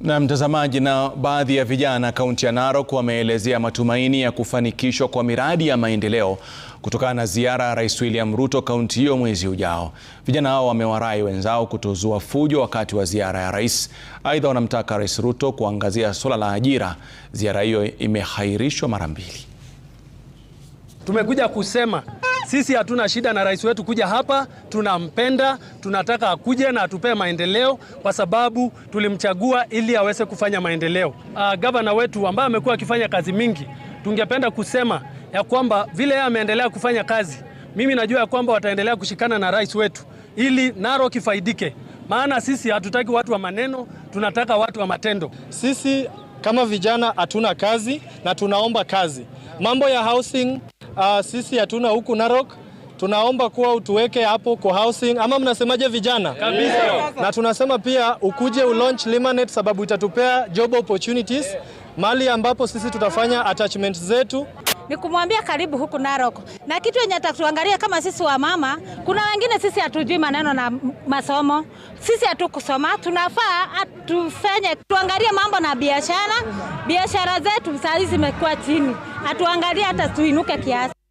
Na mtazamaji, na baadhi ya vijana kaunti ya Narok wameelezea matumaini ya kufanikishwa kwa miradi ya maendeleo kutokana na ziara ya Rais William Ruto kaunti hiyo mwezi ujao. Vijana hao wamewarai wenzao kutozua fujo wakati wa ziara ya rais. Aidha, wanamtaka Rais Ruto kuangazia suala la ajira. Ziara hiyo imehairishwa mara mbili. Tumekuja kusema sisi hatuna shida na rais wetu kuja hapa, tunampenda, tunataka akuje na atupee maendeleo kwa sababu tulimchagua ili aweze kufanya maendeleo. Uh, gavana wetu ambaye amekuwa akifanya kazi mingi, tungependa kusema ya kwamba vile yeye ameendelea kufanya kazi, mimi najua ya kwamba wataendelea kushikana na rais wetu ili Narok ifaidike, maana sisi hatutaki watu wa maneno, tunataka watu wa matendo. Sisi kama vijana hatuna kazi na tunaomba kazi. Mambo ya housing uh, sisi hatuna huku Narok. Tunaomba kuwa utuweke hapo kwa housing ama mnasemaje vijana? Kabisa. Na tunasema pia ukuje ulaunch Limanet sababu itatupea job opportunities, mali ambapo sisi tutafanya attachments zetu ni kumwambia karibu huku Narok, na kitu yenye atatuangalia kama sisi wa mama, kuna wengine sisi hatujui maneno na masomo, sisi hatukusoma, tunafaa atufanye tuangalie mambo na biashara. Biashara zetu saa hizi zimekuwa chini, atuangalie hata tuinuke kiasi.